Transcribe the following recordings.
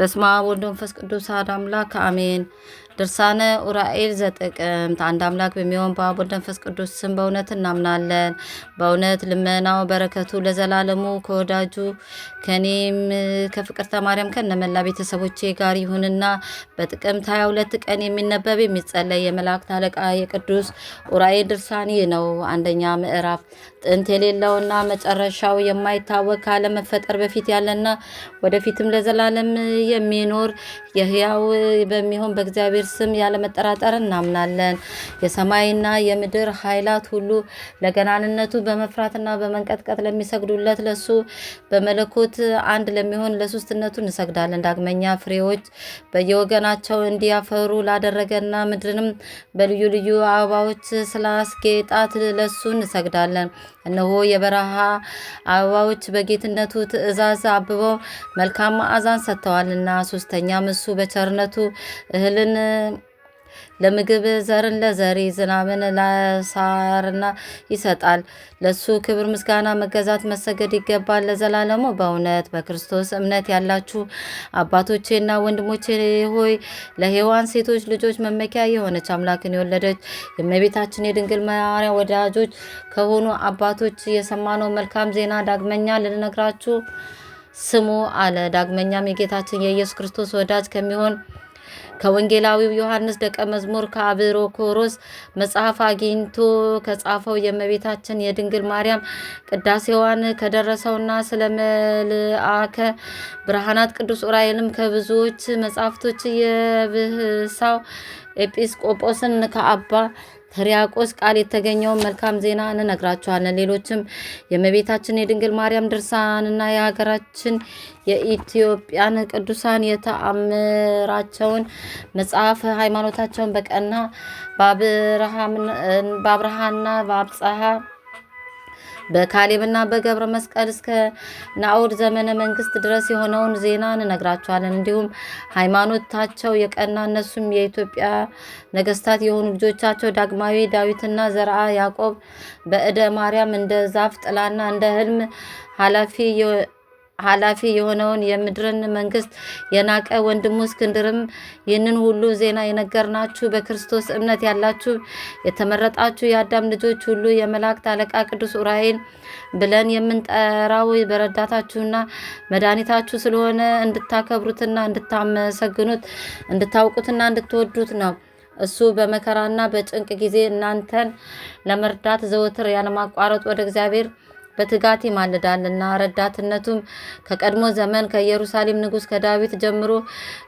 በስመ አብ ወወልድ ወመንፈስ ቅዱስ አሐዱ አምላክ አሜን። ድርሳነ ዑራኤል ዘጥቅምት። አንድ አምላክ በሚሆን በአብ ወልድ መንፈስ ቅዱስ ስም በእውነት እናምናለን። በእውነት ልመናው በረከቱ ለዘላለሙ ከወዳጁ ከኔም ከፍቅርተ ማርያም ከነመላ ቤተሰቦቼ ጋር ይሁንና በጥቅምት 22 ቀን የሚነበብ የሚጸለይ የመላእክት አለቃ የቅዱስ ዑራኤል ድርሳን ይህ ነው። አንደኛ ምዕራፍ ጥንት የሌለውና መጨረሻው የማይታወቅ ካለመፈጠር በፊት ያለና ወደፊትም ለዘላለም የሚኖር የህያው በሚሆን በእግዚአብሔር ስም ያለመጠራጠር እናምናለን። የሰማይና የምድር ኃይላት ሁሉ ለገናንነቱ በመፍራትና በመንቀጥቀጥ ለሚሰግዱለት ለሱ በመለኮት አንድ ለሚሆን ለሶስትነቱ እንሰግዳለን። ዳግመኛ ፍሬዎች በየወገናቸው እንዲያፈሩ ላደረገና ምድርንም በልዩ ልዩ አበባዎች ስላስጌጣት ለሱ እንሰግዳለን። እነሆ የበረሃ አበባዎች በጌትነቱ ትእዛዝ አብበው መልካም መዓዛን ሰጥተዋል። ይሰጣልና ሶስተኛም እሱ በቸርነቱ እህልን ለምግብ ዘርን ለዘሪ ዝናብን ለሳርና ይሰጣል። ለሱ ክብር፣ ምስጋና፣ መገዛት፣ መሰገድ ይገባል ለዘላለሙ። በእውነት በክርስቶስ እምነት ያላችሁ አባቶቼና ወንድሞቼ ሆይ ለሔዋን ሴቶች ልጆች መመኪያ የሆነች አምላክን የወለደች የእመቤታችን የድንግል ማርያም ወዳጆች ከሆኑ አባቶች የሰማነው መልካም ዜና ዳግመኛ ልንነግራችሁ ስሙ አለ። ዳግመኛም የጌታችን የኢየሱስ ክርስቶስ ወዳጅ ከሚሆን ከወንጌላዊው ዮሐንስ ደቀ መዝሙር ከአብሮኮሮስ መጽሐፍ አግኝቶ ከጻፈው የእመቤታችን የድንግል ማርያም ቅዳሴዋን ከደረሰውና ስለ መልአከ ብርሃናት ቅዱስ ዑራኤልም ከብዙዎች መጽሐፍቶች የብህሳው ኤጲስቆጶስን ከአባ ሪያቆስ ቃል የተገኘውን መልካም ዜና እንነግራችኋለን። ሌሎችም የእመቤታችን የድንግል ማርያም ድርሳንና የሀገራችን የኢትዮጵያን ቅዱሳን የተአምራቸውን መጽሐፍ ሃይማኖታቸውን በቀና በአብርሃና በአብጽሐ በካሌብና በገብረ መስቀል እስከ ናኦድ ዘመነ መንግስት ድረስ የሆነውን ዜና እንነግራችኋለን። እንዲሁም ሃይማኖታቸው የቀና እነሱም የኢትዮጵያ ነገስታት የሆኑ ልጆቻቸው ዳግማዊ ዳዊትና ዘርአ ያዕቆብ በእደ ማርያም እንደ ዛፍ ጥላና እንደ ህልም ኃላፊ ኃላፊ የሆነውን የምድርን መንግስት የናቀ ወንድሙ እስክንድርም ይህንን ሁሉ ዜና የነገርናችሁ በክርስቶስ እምነት ያላችሁ የተመረጣችሁ የአዳም ልጆች ሁሉ የመላእክት አለቃ ቅዱስ ዑራኤል ብለን የምንጠራው በረዳታችሁና መድኃኒታችሁ ስለሆነ እንድታከብሩትና እንድታመሰግኑት እንድታውቁትና እንድትወዱት ነው። እሱ በመከራና በጭንቅ ጊዜ እናንተን ለመርዳት ዘወትር ያለማቋረጥ ወደ እግዚአብሔር በትጋት ይማልዳልና። ረዳትነቱም ከቀድሞ ዘመን ከኢየሩሳሌም ንጉሥ ከዳዊት ጀምሮ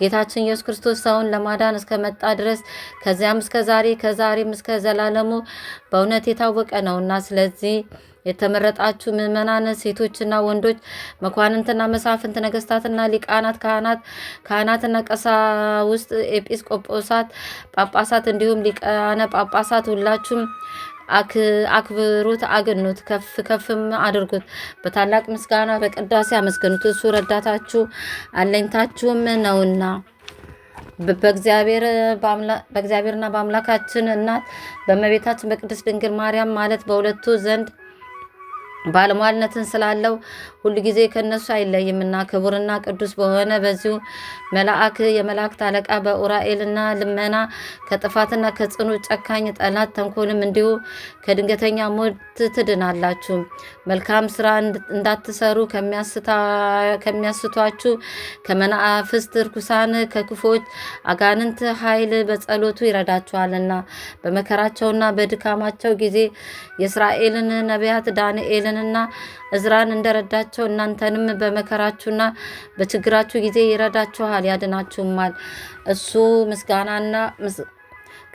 ጌታችን ኢየሱስ ክርስቶስ ሰውን ለማዳን እስከመጣ ድረስ ከዚያም እስከ ዛሬ ከዛሬም እስከ ዘላለሙ በእውነት የታወቀ ነውና ስለዚህ የተመረጣችሁ ምዕመናን ሴቶችና ወንዶች፣ መኳንንትና መሳፍንት፣ ነገስታትና ሊቃናት፣ ካህናት ካህናትና ቀሳውስት፣ ኤጲስቆጶሳት፣ ጳጳሳት እንዲሁም ሊቃነ ጳጳሳት ሁላችሁም አክብሩት፣ አገኑት፣ ከፍ ከፍም አድርጉት። በታላቅ ምስጋና በቅዳሴ አመስግኑት። እሱ ረዳታችሁ አለኝታችሁም ነውና በእግዚአብሔርና በአምላካችን እናት በእመቤታችን በቅድስት ድንግል ማርያም ማለት በሁለቱ ዘንድ ባለሟልነትን ስላለው ሁሉ ጊዜ ከነሱ አይለይምና ክቡርና ቅዱስ በሆነ በዚሁ መልአክ የመላእክት አለቃ በኡራኤልና ልመና ከጥፋትና ከጽኑ ጨካኝ ጠላት ተንኮልም እንዲሁ ከድንገተኛ ሞት ትድናላችሁ። መልካም ስራ እንዳትሰሩ ከሚያስቷችሁ ከመናፍስት ርኩሳን ከክፎች አጋንንት ኃይል በጸሎቱ ይረዳችኋልና በመከራቸውና በድካማቸው ጊዜ የእስራኤልን ነቢያት ዳንኤልን እንደረዳንና እዝራን እንደረዳቸው እናንተንም በመከራችሁና በችግራችሁ ጊዜ ይረዳችኋል፣ ያድናችሁማል። እሱ ምስጋናና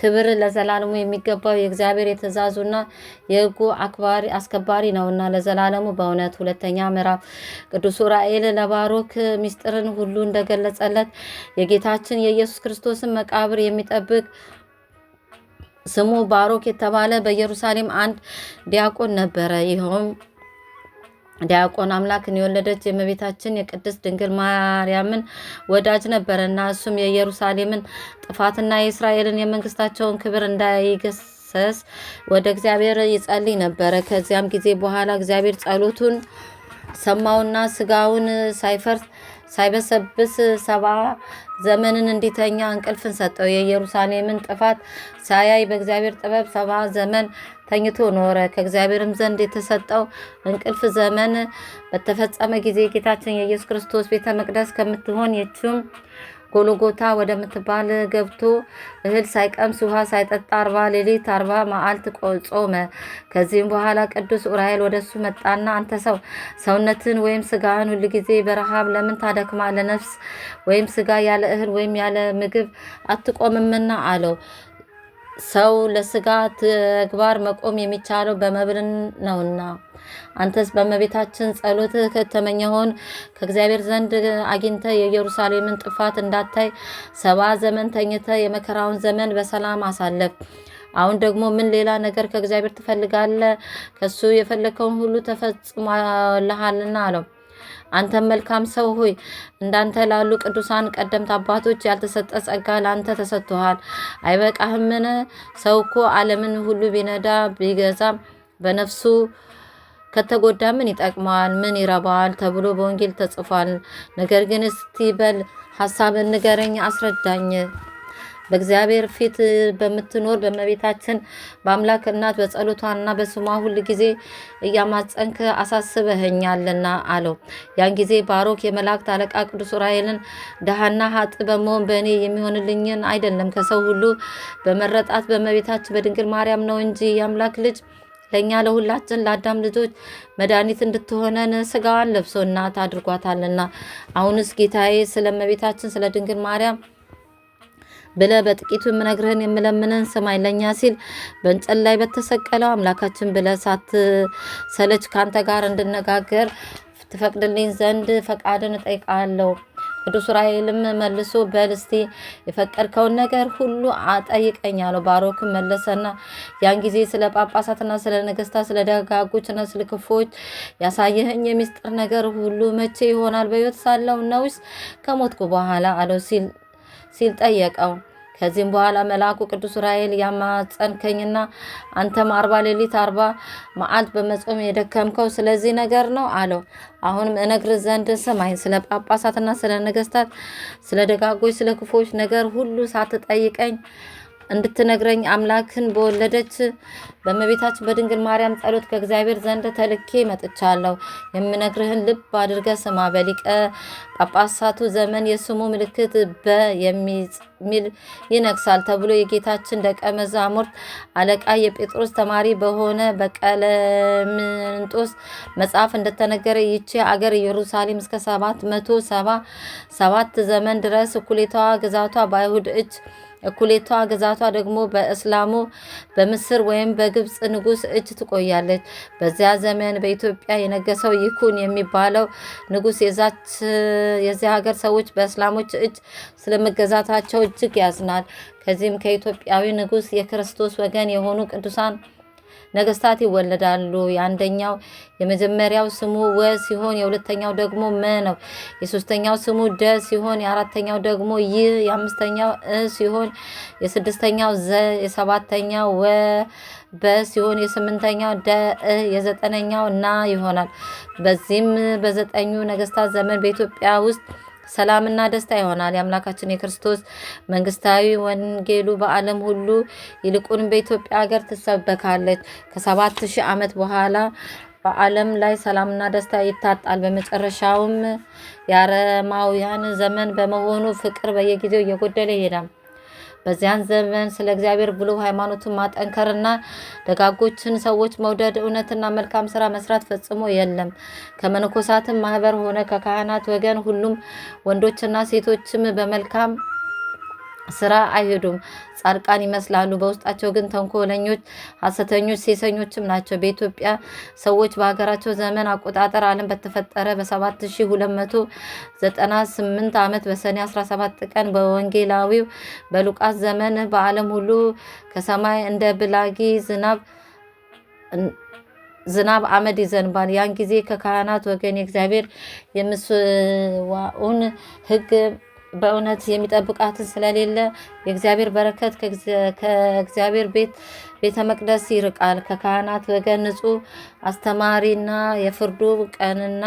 ክብር ለዘላለሙ የሚገባው የእግዚአብሔር የትእዛዙና የሕጉ አክባሪ አስከባሪ ነውና ለዘላለሙ በእውነት። ሁለተኛ ምዕራፍ ቅዱስ ዑራኤል ለባሮክ ሚስጥርን ሁሉ እንደገለጸለት የጌታችን የኢየሱስ ክርስቶስን መቃብር የሚጠብቅ ስሙ ባሮክ የተባለ በኢየሩሳሌም አንድ ዲያቆን ነበረ። ይኸውም ዲያቆን አምላክን የወለደች የእመቤታችን የቅድስት ድንግል ማርያምን ወዳጅ ነበረ እና እሱም የኢየሩሳሌምን ጥፋትና የእስራኤልን የመንግስታቸውን ክብር እንዳይገሰስ ወደ እግዚአብሔር ይጸልይ ነበረ። ከዚያም ጊዜ በኋላ እግዚአብሔር ጸሎቱን ሰማውና ስጋውን ሳይፈርስ ሳይበሰብስ ሰባ ዘመንን እንዲተኛ እንቅልፍን ሰጠው። የኢየሩሳሌምን ጥፋት ሳያይ በእግዚአብሔር ጥበብ ሰባ ዘመን ተኝቶ ኖረ። ከእግዚአብሔርም ዘንድ የተሰጠው እንቅልፍ ዘመን በተፈጸመ ጊዜ ጌታችን የኢየሱስ ክርስቶስ ቤተ መቅደስ ከምትሆን የችም ጎልጎታ ወደምትባል ገብቶ እህል ሳይቀምስ ውሃ ሳይጠጣ አርባ ሌሊት አርባ መዓልት ጾመ። ከዚህም በኋላ ቅዱስ ዑራኤል ወደ እሱ መጣና አንተ ሰው ሰውነትን ወይም ስጋህን ሁልጊዜ በረሃብ ለምን ታደክማለህ? ነፍስ ወይም ስጋ ያለ እህል ወይም ያለ ምግብ አትቆምምና አለው። ሰው ለስጋ ተግባር መቆም የሚቻለው በመብል ነውና አንተስ በእመቤታችን ጸሎት ከተመኘኸውን ከእግዚአብሔር ዘንድ አግኝተ የኢየሩሳሌምን ጥፋት እንዳታይ ሰባ ዘመን ተኝተ የመከራውን ዘመን በሰላም አሳለፍ። አሁን ደግሞ ምን ሌላ ነገር ከእግዚአብሔር ትፈልጋለህ? ከሱ የፈለከውን ሁሉ ተፈጽሞልሃልና አለው። አንተ መልካም ሰው ሆይ እንዳንተ ላሉ ቅዱሳን ቀደምት አባቶች ያልተሰጠ ጸጋ ለአንተ ተሰጥቶሃል። አይበቃህምን? ሰው እኮ ዓለምን ሁሉ ቢነዳ ቢገዛ በነፍሱ ከተጎዳ ምን ይጠቅመዋል? ምን ይረባዋል? ተብሎ በወንጌል ተጽፏል። ነገር ግን እስቲ በል ሀሳብን ንገረኝ፣ አስረዳኝ። በእግዚአብሔር ፊት በምትኖር በመቤታችን በአምላክ እናት በጸሎቷና በስሟ ሁል ጊዜ እያማጸንክ አሳስበህኛልና አለው። ያን ጊዜ ባሮክ የመላእክት አለቃ ቅዱስ ዑራኤልን ድሃና ሀጥ በመሆን በእኔ የሚሆንልኝን አይደለም ከሰው ሁሉ በመረጣት በመቤታችን በድንግል ማርያም ነው እንጂ የአምላክ ልጅ ለእኛ ለሁላችን ለአዳም ልጆች መድኃኒት እንድትሆነን ስጋዋን ለብሶ እናት አድርጓታልና። አሁንስ ጌታዬ ስለ እመቤታችን ስለ ድንግል ማርያም ብለህ በጥቂቱ የምነግርህን የምለምንን ስማኝ። ለእኛ ሲል በእንጨት ላይ በተሰቀለው አምላካችን ብለህ ሳትሰለች ከአንተ ጋር እንድነጋገር ትፈቅድልኝ ዘንድ ፈቃድን እጠይቃለሁ። ቅዱስ ዑራኤልም መልሶ በል እስቲ የፈቀድከውን ነገር ሁሉ አጠይቀኝ አለው። ባሮክ መለሰና ያን ጊዜ ስለ ጳጳሳትና ስለ ነገስታት፣ ስለ ደጋጎችና ስለ ክፎች ያሳየህኝ የሚስጥር ነገር ሁሉ መቼ ይሆናል? በህይወት ሳለው ነውስ ከሞትኩ በኋላ አለው ሲል ጠየቀው። ከዚህም በኋላ መልአኩ ቅዱስ ዑራኤል ያማጸንከኝና አንተም አርባ ሌሊት አርባ መዓልት በመጾም የደከምከው ስለዚህ ነገር ነው አለው። አሁንም እነግር ዘንድ ስማኝ። ስለ ጳጳሳትና ስለ ነገስታት፣ ስለ ደጋጎች፣ ስለ ክፉዎች ነገር ሁሉ ሳትጠይቀኝ እንድትነግረኝ አምላክን በወለደች በእመቤታችን በድንግል ማርያም ጸሎት ከእግዚአብሔር ዘንድ ተልኬ መጥቻለሁ። የምነግርህን ልብ አድርገ ስማ። በሊቀ ጳጳሳቱ ዘመን የስሙ ምልክት በ የሚል ይነግሳል ተብሎ የጌታችን ደቀ መዛሙርት አለቃ የጴጥሮስ ተማሪ በሆነ በቀለምንጦስ መጽሐፍ እንደተነገረ ይቺ አገር ኢየሩሳሌም እስከ ሰባት መቶ ሰባ ሰባት ዘመን ድረስ እኩሌታዋ ግዛቷ በአይሁድ እጅ እኩሌቷ ግዛቷ ደግሞ በእስላሙ በምስር ወይም በግብፅ ንጉስ እጅ ትቆያለች። በዚያ ዘመን በኢትዮጵያ የነገሰው ይኩን የሚባለው ንጉስ የዚያ ሀገር ሰዎች በእስላሞች እጅ ስለመገዛታቸው እጅግ ያዝናል። ከዚህም ከኢትዮጵያዊ ንጉስ የክርስቶስ ወገን የሆኑ ቅዱሳን ነገስታት ይወለዳሉ። የአንደኛው የመጀመሪያው ስሙ ወ ሲሆን የሁለተኛው ደግሞ መ ነው። የሶስተኛው ስሙ ደ ሲሆን የአራተኛው ደግሞ ይ፣ የአምስተኛው እ ሲሆን የስድስተኛው ዘ፣ የሰባተኛው ወ በ ሲሆን የስምንተኛው ደ እ የዘጠነኛው ና ይሆናል። በዚህም በዘጠኙ ነገስታት ዘመን በኢትዮጵያ ውስጥ ሰላምና ደስታ ይሆናል። የአምላካችን የክርስቶስ መንግስታዊ ወንጌሉ በዓለም ሁሉ ይልቁን በኢትዮጵያ ሀገር ትሰበካለች። ከሰባት ሺህ ዓመት በኋላ በዓለም ላይ ሰላምና ደስታ ይታጣል። በመጨረሻውም የአረማውያን ዘመን በመሆኑ ፍቅር በየጊዜው እየጎደለ ይሄዳል። በዚያን ዘመን ስለ እግዚአብሔር ብሎ ሃይማኖቱን ማጠንከርና ደጋጎችን ሰዎች መውደድ፣ እውነትና መልካም ስራ መስራት ፈጽሞ የለም። ከመነኮሳትም ማህበር ሆነ ከካህናት ወገን ሁሉም ወንዶችና ሴቶችም በመልካም ስራ አይሄዱም። ጻድቃን ይመስላሉ፣ በውስጣቸው ግን ተንኮለኞች፣ ሐሰተኞች፣ ሴሰኞችም ናቸው። በኢትዮጵያ ሰዎች በሀገራቸው ዘመን አቆጣጠር ዓለም በተፈጠረ በ7298 ዓመት በሰኔ 17 ቀን በወንጌላዊው በሉቃስ ዘመን በዓለም ሁሉ ከሰማይ እንደ ብላጊ ዝናብ ዝናብ አመድ ይዘንባል። ያን ጊዜ ከካህናት ወገን የእግዚአብሔር የምስዋውን ሕግ በእውነት የሚጠብቃትን ስለሌለ የእግዚአብሔር በረከት ከእግዚአብሔር ቤት ቤተ መቅደስ ይርቃል። ከካህናት ወገን ንጹሕ አስተማሪና የፍርዱ ቀንና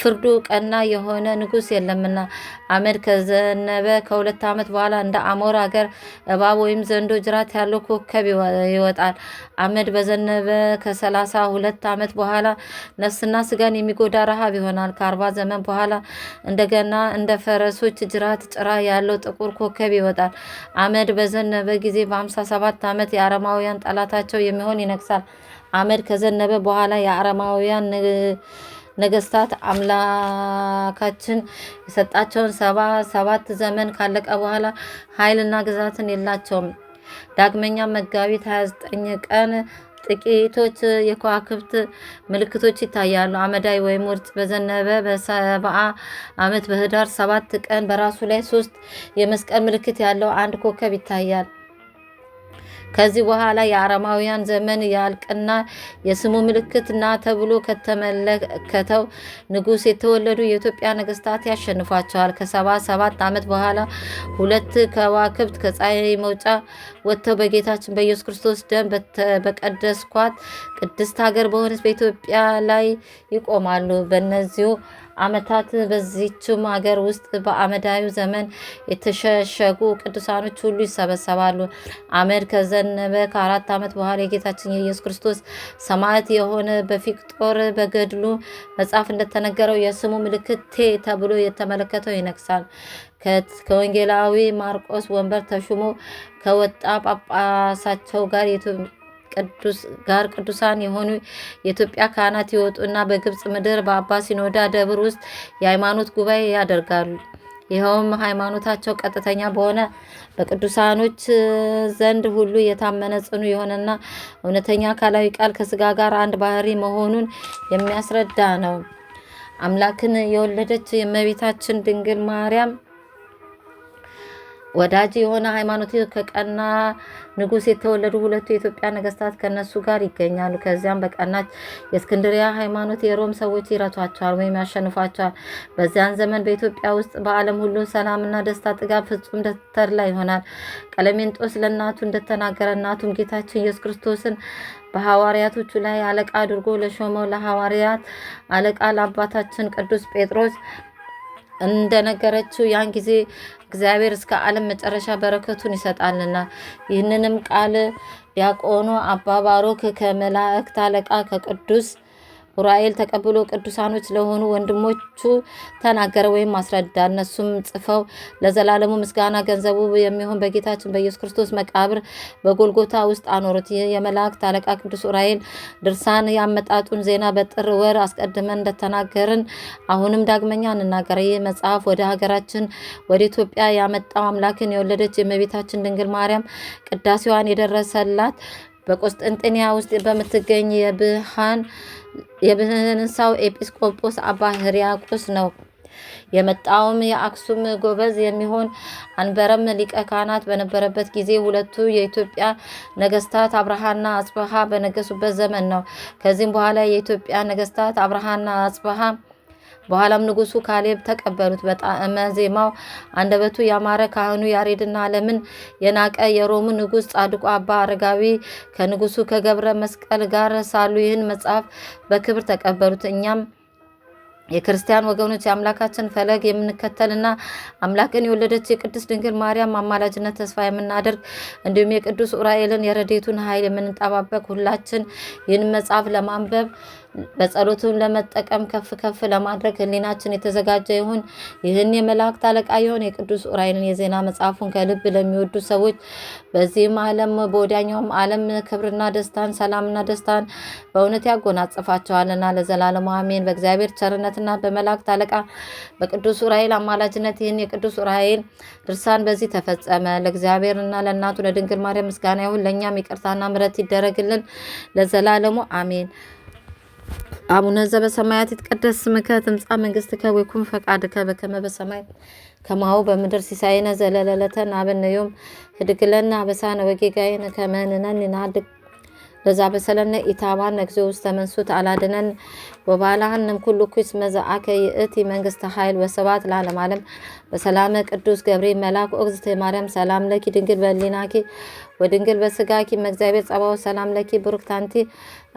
ፍርዱ ቀና የሆነ ንጉስ የለምና። አመድ ከዘነበ ከሁለት ዓመት በኋላ እንደ አሞር አገር እባብ ወይም ዘንዶ ጅራት ያለው ኮከብ ይወጣል። አመድ በዘነበ ከሰላሳ ሁለት ዓመት በኋላ ነፍስና ስጋን የሚጎዳ ረሃብ ይሆናል። ከአርባ ዘመን በኋላ እንደገና እንደ ፈረሶች ጅራት ጭራ ያለው ጥቁር ኮከብ ይወጣል። አመድ በዘነበ ጊዜ በአምሳ ሰባት ዓመት የአረማውያን ጠላታቸው የሚሆን ይነግሳል። አመድ ከዘነበ በኋላ የአረማውያን ነገስታት አምላካችን የሰጣቸውን ሰባ ሰባት ዘመን ካለቀ በኋላ ኃይልና ግዛትን የላቸውም። ዳግመኛ መጋቢት 29 ቀን ጥቂቶች የከዋክብት ምልክቶች ይታያሉ። አመዳይ ወይም ውርጭ በዘነበ በሰባ ዓመት በህዳር ሰባት ቀን በራሱ ላይ ሶስት የመስቀል ምልክት ያለው አንድ ኮከብ ይታያል። ከዚህ በኋላ የአረማውያን ዘመን ያልቅና የስሙ ምልክት ና ተብሎ ከተመለከተው ንጉሥ የተወለዱ የኢትዮጵያ ነገስታት ያሸንፏቸዋል። ከሰባ ሰባት ዓመት በኋላ ሁለት ከዋክብት ከፀሐይ መውጫ ወጥተው በጌታችን በኢየሱስ ክርስቶስ ደም በቀደስኳት ቅድስት ሀገር በሆነች በኢትዮጵያ ላይ ይቆማሉ። በነዚሁ ዓመታት በዚችም ሀገር ውስጥ በአመዳዩ ዘመን የተሸሸጉ ቅዱሳኖች ሁሉ ይሰበሰባሉ። አመድ ከዘነበ ከአራት ዓመት በኋላ የጌታችን የኢየሱስ ክርስቶስ ሰማዕት የሆነ በፊቅጦር በገድሉ መጽሐፍ እንደተነገረው የስሙ ምልክት ቴ ተብሎ የተመለከተው ይነግሳል። ከወንጌላዊ ማርቆስ ወንበር ተሹሞ ከወጣ ጳጳሳቸው ጋር ጋር ቅዱሳን የሆኑ የኢትዮጵያ ካህናት ይወጡና በግብፅ ምድር በአባ ሲኖዳ ደብር ውስጥ የሃይማኖት ጉባኤ ያደርጋሉ። ይኸውም ሃይማኖታቸው ቀጥተኛ በሆነ በቅዱሳኖች ዘንድ ሁሉ የታመነ ጽኑ የሆነና እውነተኛ አካላዊ ቃል ከስጋ ጋር አንድ ባህሪ መሆኑን የሚያስረዳ ነው። አምላክን የወለደች የእመቤታችን ድንግል ማርያም ወዳጅ የሆነ ሃይማኖት ከቀና ንጉስ የተወለዱ ሁለቱ የኢትዮጵያ ነገስታት ከነሱ ጋር ይገኛሉ። ከዚያም በቀናች የእስክንድሪያ ሃይማኖት የሮም ሰዎች ይረቷቸዋል ወይም ያሸንፏቸዋል። በዚያን ዘመን በኢትዮጵያ ውስጥ በዓለም ሁሉ ሰላምና ደስታ፣ ጥጋብ ፍጹም ተድላ ይሆናል። ቀለሜንጦስ ለእናቱ እንደተናገረ እናቱም ጌታችን ኢየሱስ ክርስቶስን በሐዋርያቶቹ ላይ አለቃ አድርጎ ለሾመው ለሐዋርያት አለቃ ለአባታችን ቅዱስ ጴጥሮስ እንደነገረችው ያን ጊዜ እግዚአብሔር እስከ ዓለም መጨረሻ በረከቱን ይሰጣልና። ይህንንም ቃል ዲያቆኑ አባ ባሮክ ከመላእክት አለቃ ከቅዱስ ኡራኤል ተቀብሎ ቅዱሳኖች ለሆኑ ወንድሞቹ ተናገረ ወይም አስረዳ። እነሱም ጽፈው ለዘላለሙ ምስጋና ገንዘቡ የሚሆን በጌታችን በኢየሱስ ክርስቶስ መቃብር በጎልጎታ ውስጥ አኖሩት። የመላእክት አለቃ ቅዱስ ኡራኤል ድርሳን ያመጣጡን ዜና በጥር ወር አስቀድመን እንደተናገርን አሁንም ዳግመኛ እንናገረ ይህ መጽሐፍ ወደ ሀገራችን ወደ ኢትዮጵያ ያመጣው አምላክን የወለደች የእመቤታችን ድንግል ማርያም ቅዳሴዋን የደረሰላት በቁስጥንጥንያ ውስጥ በምትገኝ የብህንሳው ኤጲስቆጶስ አባ ሕርያቆስ ነው። የመጣውም የአክሱም ጎበዝ የሚሆን አንበረም ሊቀ ካህናት በነበረበት ጊዜ ሁለቱ የኢትዮጵያ ነገስታት አብርሃና አጽበሃ በነገሱበት ዘመን ነው። ከዚህም በኋላ የኢትዮጵያ ነገስታት አብርሃና አጽብሃ በኋላም ንጉሱ ካሌብ ተቀበሉት። በጣዕመ ዜማው አንደበቱ ያማረ ካህኑ ያሬድና ዓለምን የናቀ የሮሙ ንጉስ ጻድቁ አባ አረጋዊ ከንጉሱ ከገብረ መስቀል ጋር ሳሉ ይህን መጽሐፍ በክብር ተቀበሉት። እኛም የክርስቲያን ወገኖች የአምላካችን ፈለግ የምንከተልና አምላክን የወለደች የቅድስት ድንግል ማርያም አማላጅነት ተስፋ የምናደርግ እንዲሁም የቅዱስ ዑራኤልን የረዴቱን ኃይል የምንጠባበቅ ሁላችን ይህን መጽሐፍ ለማንበብ በጸሎቱን ለመጠቀም ከፍ ከፍ ለማድረግ ህሊናችን የተዘጋጀ ይሁን። ይህን የመላእክት አለቃ የሆነ የቅዱስ ዑራኤልን የዜና መጽሐፉን ከልብ ለሚወዱ ሰዎች በዚህም ዓለም በወዲያኛውም ዓለም ክብርና ደስታን፣ ሰላምና ደስታን በእውነት ያጎናጽፋቸዋልና ለዘላለሙ አሜን። በእግዚአብሔር ቸርነትና በመላእክት አለቃ በቅዱስ ዑራኤል አማላጅነት ይህን የቅዱስ ዑራኤል ድርሳን በዚህ ተፈጸመ። ለእግዚአብሔርና ለእናቱ ለድንግል ማርያም ምስጋና ይሁን። ለእኛም ይቅርታና ምሕረት ይደረግልን ለዘላለሙ አሜን። አቡነ ዘበሰማያት ይትቀደስ ስምከ ትምጻእ መንግስትከ ወይኩን ፈቃድከ በከመ በሰማይ ከማሁ በምድር ሲሳይነ ዘለለዕለትነ ሀበነ ዮም ህድግ ለነ አበሳነ ወጌጋየነ ከመ ንሕነኒ ንኅድግ በዛ ለዛበሰለነ ኢታባ ነግዞ ውስተ መንሱት አላድነን ወባላህንም ኩሉ ኩስ መዛአከ ይእቲ መንግስተ ኃይል ወሰባት ለዓለም ዓለም በሰላመ ቅዱስ ገብርኤል መልአክ ኦግዝተ ማርያም ሰላም ለኪ ድንግል በሊናኪ ወድንግል በስጋኪ መግዚአብሔር ጸባው ሰላም ለኪ ብሩክ ታንቲ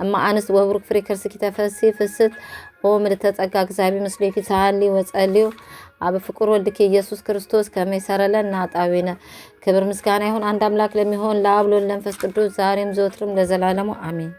እማ አንስት ወብሩክ ፍሬ ከርስኪ ተፈሲ ፍስት ኦ ምልዕተ ጸጋ እግዚአብሔር ምስሌኪ ሳሊ ወጸሊው አብ ፍቁር ወልድኪ ኢየሱስ ክርስቶስ ከመይሰረ ለነ ኃጣውኢነ ክብር ምስጋና ይሁን አንድ አምላክ ለሚሆን ለአብ ለወልድ ለመንፈስ ቅዱስ ዛሬም ዘወትርም ለዘላለሙ አሜን።